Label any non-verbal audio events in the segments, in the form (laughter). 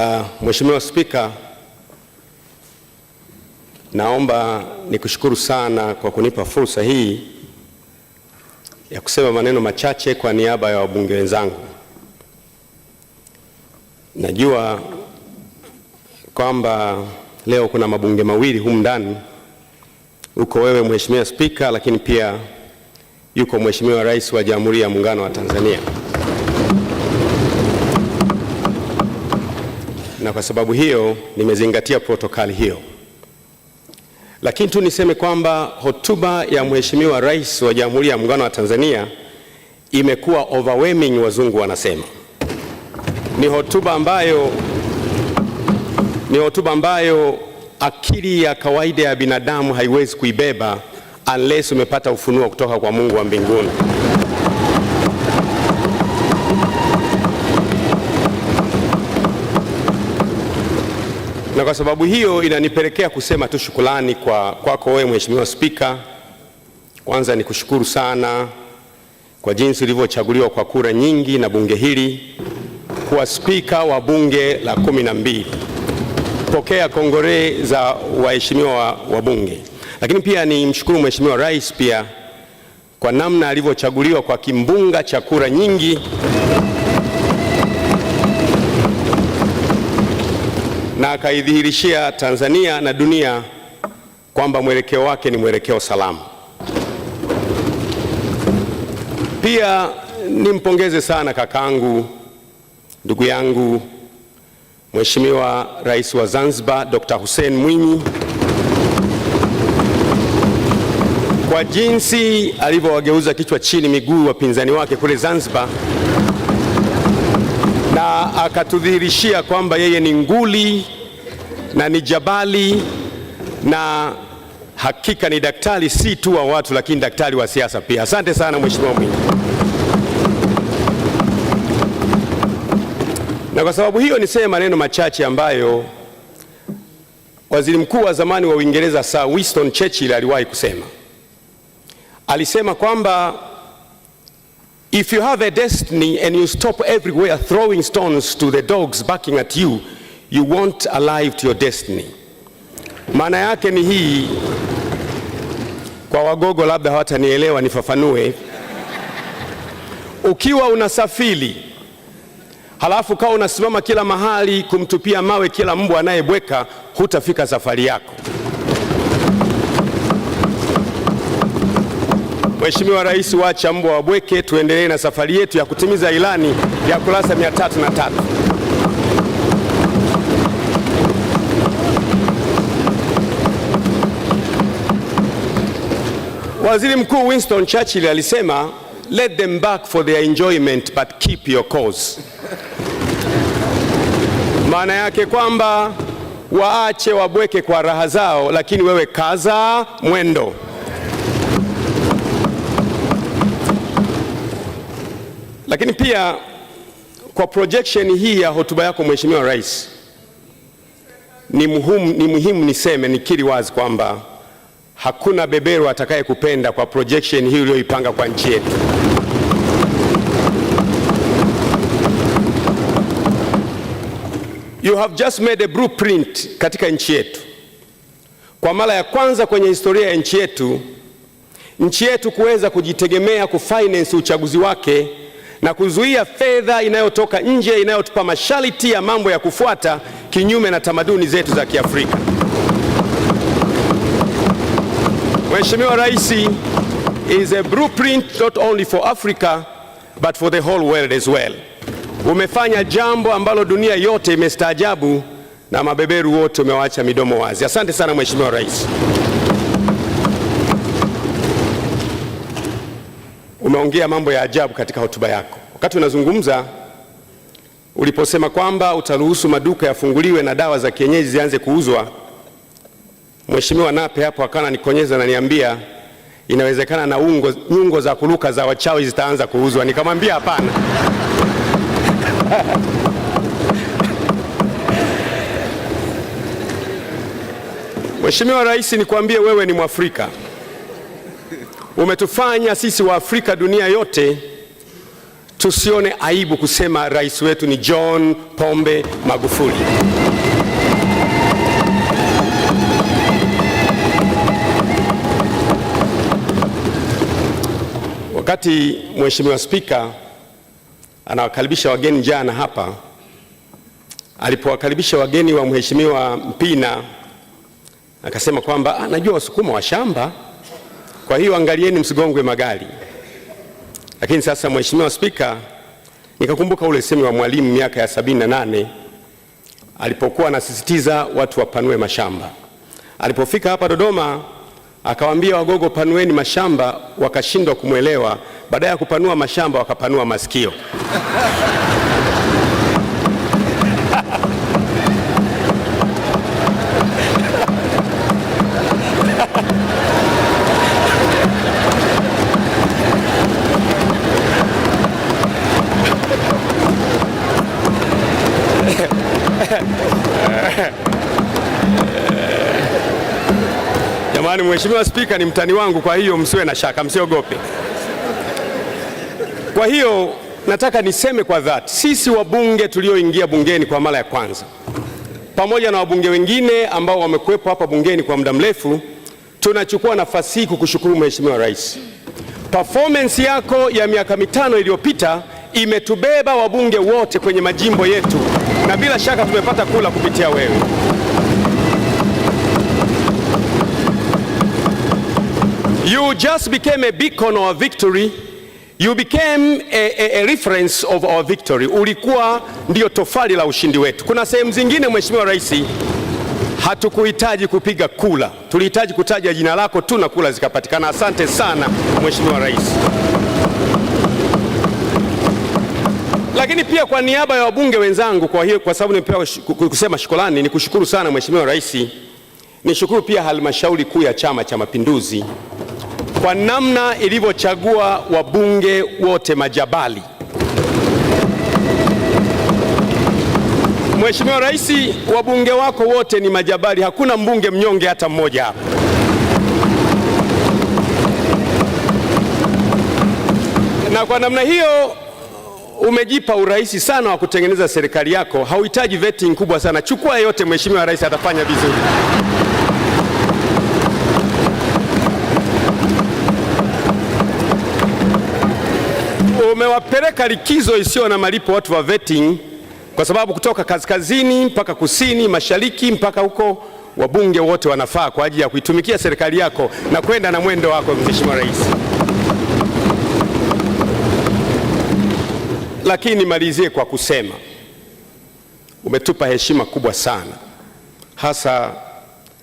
Uh, Mheshimiwa Spika, naomba nikushukuru sana kwa kunipa fursa hii ya kusema maneno machache kwa niaba ya wabunge wenzangu. Najua kwamba leo kuna mabunge mawili humu ndani, uko wewe Mheshimiwa Spika, lakini pia yuko Mheshimiwa Rais wa Jamhuri ya Muungano wa Tanzania. na kwa sababu hiyo nimezingatia protokali hiyo. Lakini tu niseme kwamba hotuba ya Mheshimiwa Rais wa Jamhuri ya Muungano wa Tanzania imekuwa overwhelming, wazungu wanasema. Ni hotuba ambayo, ni hotuba ambayo akili ya kawaida ya binadamu haiwezi kuibeba unless umepata ufunuo kutoka kwa Mungu wa mbinguni. na kwa sababu hiyo inanipelekea kusema tu shukrani kwa kwako wewe Mheshimiwa Spika. Kwanza ni kushukuru sana kwa jinsi ulivyochaguliwa kwa kura nyingi na bunge hili kuwa spika wa bunge la kumi na mbili. Pokea kongore za waheshimiwa wa bunge, lakini pia ni mshukuru Mheshimiwa Rais pia kwa namna alivyochaguliwa kwa kimbunga cha kura nyingi na akaidhihirishia Tanzania na dunia kwamba mwelekeo wake ni mwelekeo salama. Pia nimpongeze sana kakangu, ndugu yangu, Mheshimiwa Rais wa Zanzibar Dr. Hussein Mwinyi kwa jinsi alivyowageuza kichwa chini miguu wapinzani wake kule Zanzibar na akatudhihirishia kwamba yeye ni nguli na ni jabali na hakika ni daktari si tu wa watu, lakini daktari wa siasa pia. Asante sana mheshimiwa Mwinyi. Na kwa sababu hiyo niseme maneno machache ambayo waziri mkuu wa zamani wa Uingereza Sir Winston Churchill aliwahi kusema. Alisema kwamba If you have a destiny and you stop everywhere throwing stones to the dogs barking at you, you won't alive to your destiny. Maana yake ni hii, kwa Wagogo labda hawatanielewa, nifafanue. Ukiwa unasafiri halafu kawa unasimama kila mahali kumtupia mawe kila mbwa anayebweka, hutafika safari yako. Mheshimiwa Rais, wacha mbwa wabweke, tuendelee na safari yetu ya kutimiza ilani ya kurasa 303. Waziri Mkuu Winston Churchill alisema let them back for their enjoyment but keep your cause. Maana yake kwamba waache wabweke kwa raha zao, lakini wewe kaza mwendo. Lakini pia kwa projection hii ya hotuba yako Mheshimiwa Rais, ni muhimu, ni muhimu niseme, nikiri wazi kwamba hakuna beberu atakayekupenda kwa projection hii uliyoipanga kwa nchi yetu. You have just made a blueprint katika nchi yetu. Kwa mara ya kwanza kwenye historia ya nchi yetu, nchi yetu kuweza kujitegemea kufinance uchaguzi wake na kuzuia fedha inayotoka nje inayotupa masharti ya mambo ya kufuata kinyume na tamaduni zetu za Kiafrika. Mheshimiwa Rais is a blueprint not only for Africa but for the whole world as well. Umefanya jambo ambalo dunia yote imestaajabu na mabeberu wote umewaacha midomo wazi. Asante sana Mheshimiwa Rais. Umeongea mambo ya ajabu katika hotuba yako. Wakati unazungumza uliposema kwamba utaruhusu maduka yafunguliwe na dawa za kienyeji zianze kuuzwa, Mheshimiwa Nape hapo akana nikonyeza na niambia inawezekana na ungo, nyungo za kuruka za wachawi zitaanza kuuzwa. Nikamwambia hapana. (laughs) Mheshimiwa Rais, nikwambie wewe ni Mwafrika, umetufanya sisi Waafrika dunia yote Tusione aibu kusema rais wetu ni John Pombe Magufuli. Wakati Mheshimiwa Spika anawakaribisha wageni jana hapa, alipowakaribisha wageni wa Mheshimiwa Mpina akasema kwamba anajua Wasukuma wa shamba, kwa hiyo angalieni msigongwe magari. Lakini sasa, Mheshimiwa Spika, nikakumbuka ule semi wa Mwalimu miaka ya sabini na nane alipokuwa anasisitiza watu wapanue mashamba. Alipofika hapa Dodoma akawaambia Wagogo, panueni mashamba, wakashindwa kumwelewa. Baada ya kupanua mashamba wakapanua masikio Jamani, Mheshimiwa Spika ni mtani wangu, kwa hiyo msiwe na shaka, msiogope. Kwa hiyo nataka niseme kwa dhati, sisi wabunge tulioingia bungeni kwa mara ya kwanza pamoja na wabunge wengine ambao wamekuwepo hapa bungeni kwa muda mrefu, tunachukua nafasi hii kukushukuru Mheshimiwa Rais. Performance yako ya miaka mitano iliyopita imetubeba wabunge wote kwenye majimbo yetu, na bila shaka tumepata kula kupitia wewe. You just became a beacon of victory. You became a, a, a reference of our victory. Ulikuwa ndio tofali la ushindi wetu. Kuna sehemu zingine Mheshimiwa Rais hatukuhitaji kupiga kula, tulihitaji kutaja jina lako tu na kula zikapatikana. Asante sana Mheshimiwa Rais. Lakini pia kwa niaba ya wabunge wenzangu, kwa hiyo kwa sababu nimepewa kusema shukrani, kushukuru sana Mheshimiwa Rais. Nishukuru pia halmashauri kuu ya Chama cha Mapinduzi kwa namna ilivyochagua wabunge wote majabali. Mheshimiwa Rais, wabunge wako wote ni majabali, hakuna mbunge mnyonge hata mmoja hapa. Na kwa namna hiyo umejipa urahisi sana wa kutengeneza serikali yako, hauhitaji vetting kubwa sana. Chukua yote, Mheshimiwa Rais atafanya vizuri. Tumewapeleka likizo isiyo na malipo watu wa vetting, kwa sababu kutoka kaskazini mpaka kusini, mashariki mpaka huko, wabunge wote wanafaa kwa ajili ya kuitumikia serikali yako na kwenda na mwendo wako, Mheshimiwa Rais. Lakini nimalizie kwa kusema umetupa heshima kubwa sana, hasa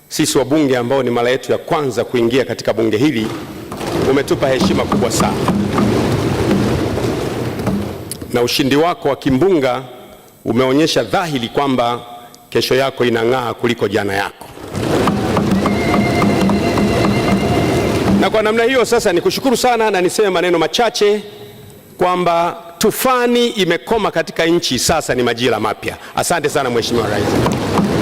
sisi wabunge ambao ni mara yetu ya kwanza kuingia katika bunge hili. Umetupa heshima kubwa sana na ushindi wako wa kimbunga umeonyesha dhahiri kwamba kesho yako inang'aa kuliko jana yako, na kwa namna hiyo sasa nikushukuru sana na niseme maneno machache kwamba tufani imekoma katika nchi, sasa ni majira mapya. Asante sana Mheshimiwa Rais.